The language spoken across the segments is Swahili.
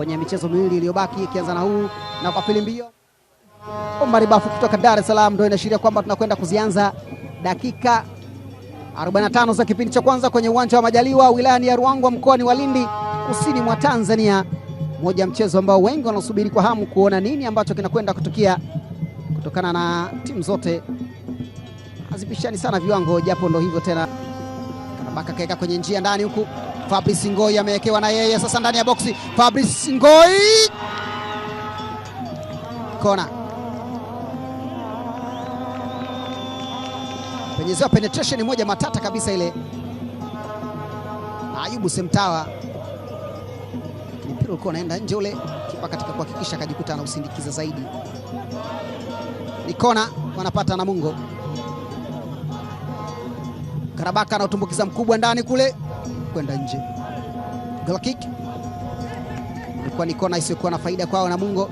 kwenye michezo miwili iliyobaki ikianza na huu na kwa pili mbio. Omari Bafu kutoka Dar es Salaam ndio inaashiria kwamba tunakwenda kuzianza dakika 45 za kipindi cha kwanza kwenye uwanja wa Majaliwa wilayani ya Ruangwa mkoani wa Lindi kusini mwa Tanzania, moja mchezo ambao wengi wanaosubiri kwa hamu kuona nini ambacho kinakwenda kutukia kutokana na timu zote hazipishani sana viwango, japo ndo hivyo tena. Karabaka kaeka kwenye njia ndani huku Fabrice Ngoi amewekewa na yeye sasa ndani ya boksi. Fabrice Ngoi kona, penyezewa penetration moja matata kabisa ile. Ayubu Semtawa mpira ulikuwa unaenda nje ule, kipa katika kuhakikisha akajikuta anausindikiza zaidi. Ni kona wanapata Namungo. Karabaka na mkubwa ndani kule kwenda nje. Goal kick ilikuwa ni kona isiyokuwa na faida kwao Namungo.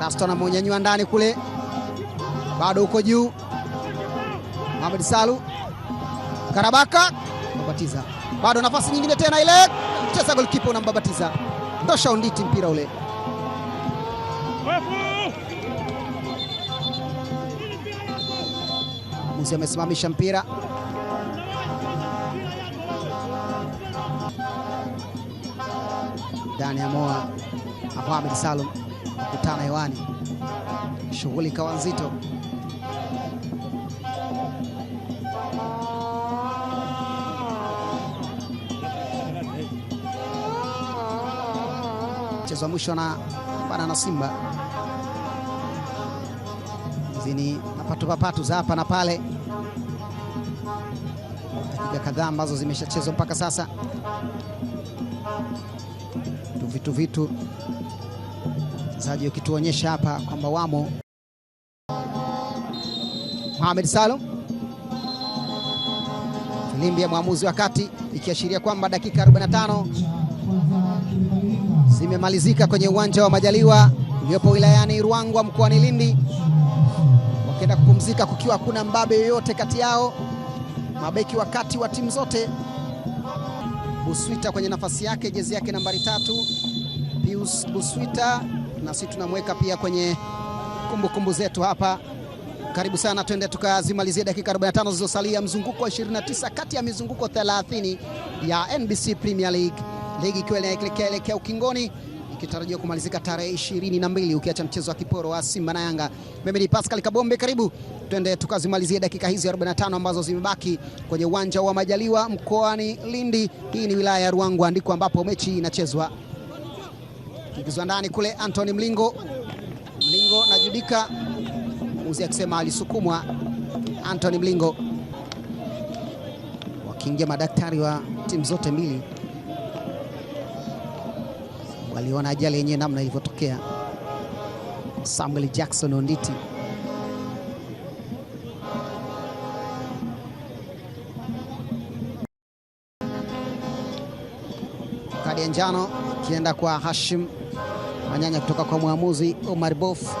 Daston ameunyanyua ndani kule, bado uko juu. Mohamed Salu Karabaka babatiza, bado nafasi nyingine tena ile, mcheza golikipa unambabatiza, ndosha unditi mpira ule muzi amesimamisha mpira ndani ya moa Mohamed Salum kutana hewani, shughuli ikawa nzito. Mchezo wa mwisho na bana na Simba zini papatu za hapa na pale, dakika kadhaa ambazo zimeshachezwa mpaka sasa vitu vitu zaji wakituonyesha hapa kwamba wamo. Mohamed Salum, filimbi ya mwamuzi wa kati ikiashiria kwamba dakika 45 zimemalizika kwenye uwanja wa Majaliwa uliopo wilayani Ruangwa mkoani Lindi, wakienda kupumzika kukiwa hakuna mbabe yoyote kati yao, mabeki wa kati wa timu zote Buswita kwenye nafasi yake, jezi yake nambari tatu, Pius Buswita, na sisi tunamweka pia kwenye kumbukumbu kumbu zetu hapa. Karibu sana, twende tukazimalizie dakika 45 zilizosalia mzunguko wa 29 kati ya mizunguko 30 ya NBC Premier League, ligi ikiwa inaelekea ukingoni ikitarajiwa kumalizika tarehe ishirini na mbili ukiacha mchezo wa kiporo wa Simba na Yanga. Mimi ni Pascal Kabombe, karibu twende tukazimalizie dakika hizi 45 ambazo zimebaki kwenye uwanja wa Majaliwa mkoani Lindi. Hii ni wilaya ya Ruangwa ndiko ambapo mechi inachezwa, kikizwa ndani kule Anthony Mlingo, Mlingo najudika muzi akisema alisukumwa Anthony Mlingo, wakiingia madaktari wa timu zote mbili aliona ajali yenyewe namna ilivyotokea. Samuel Jackson Onditi kadi ya njano ikienda kwa Hashim Manyanya kutoka kwa mwamuzi Omar Bof.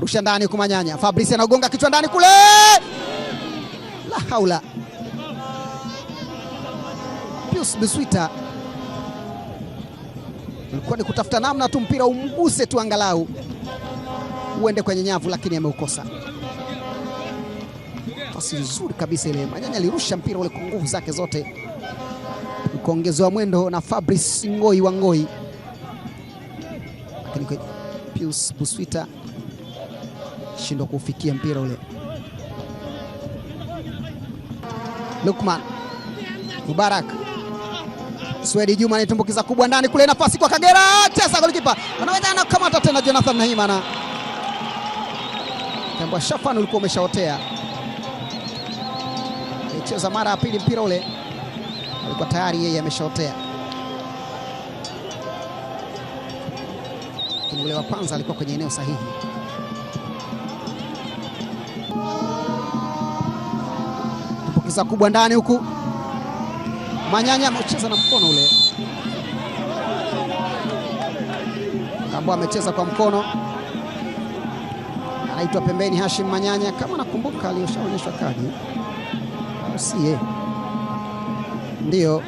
Rusha ndani huku Manyanya, Fabrice anagonga kichwa ndani kule, la haula Julius Biswita ulikuwa ni kutafuta namna tu mpira umguse tu angalau uende kwenye nyavu, lakini ameukosa. Pasi nzuri kabisa ile, Manyanya alirusha mpira ule kwa nguvu zake zote, ukaongezewa mwendo na Fabrice Ngoi wa Ngoi, lakini Pius Buswita shindwa kuufikia mpira ule. Lukman Mubarak Swedi Juma anatumbukiza kubwa ndani kule, nafasi kwa Kagera, Chesa, golikipa anaweza anakamata tena Jonathan Nahimana. Tembo Shafan ulikuwa umeshaotea, alicheza mara ya pili mpira ule, alikuwa tayari yeye ameshaotea. Ule wa kwanza alikuwa kwenye eneo sahihi. Tumbukiza kubwa ndani huku Manyanya amecheza na mkono ule. Gambo amecheza kwa mkono, anaitwa pembeni Hashim Manyanya, kama nakumbuka aliyoshaonyeshwa kadi au ndiyo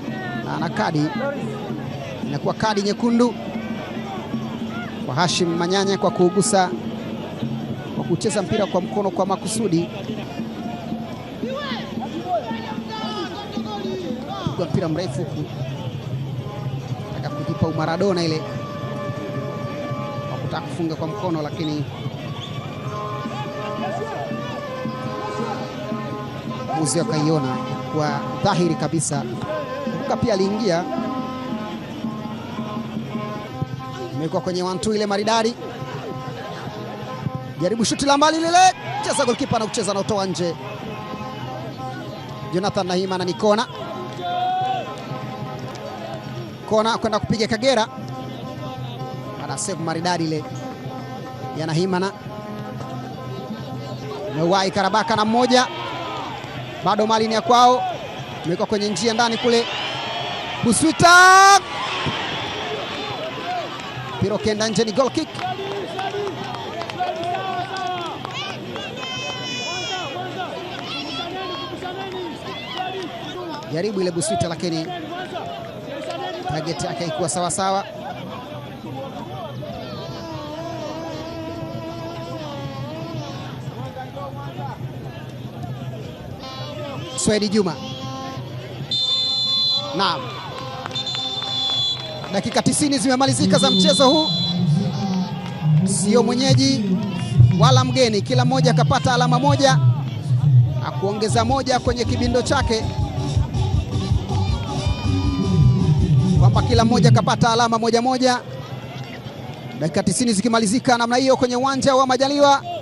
na ana kadi, inakuwa kadi nyekundu kwa Hashim Manyanya kwa kuugusa, kwa kucheza mpira kwa mkono kwa makusudi. alipigwa mpira mrefu huku taka kujipa umaradona ile wakuta kufunga kwa mkono, lakini muzi akaiona kwa dhahiri kabisa. Kumbuka pia aliingia imekuwa kwenye wantu ile maridadi, jaribu shuti la mbali lile, cheza golkipa na kucheza na utoa nje. Jonathan Nahima na Nikona kona kwenda kupiga Kagera. ana save maridadi ile yanahimana mewai Karabaka na mmoja bado malini ya kwao imekuwa kwenye njia ndani kule Buswita piro kenda nje, ni goal kick. Jaribu ile Buswita lakini target yake haikuwa sawasawa. Swedi Juma, naam, dakika 90 zimemalizika za mchezo huu, sio mwenyeji wala mgeni, kila mmoja akapata alama moja na kuongeza moja kwenye kibindo chake. hapa, kila mmoja kapata alama moja moja. Dakika 90 zikimalizika namna hiyo kwenye uwanja wa Majaliwa.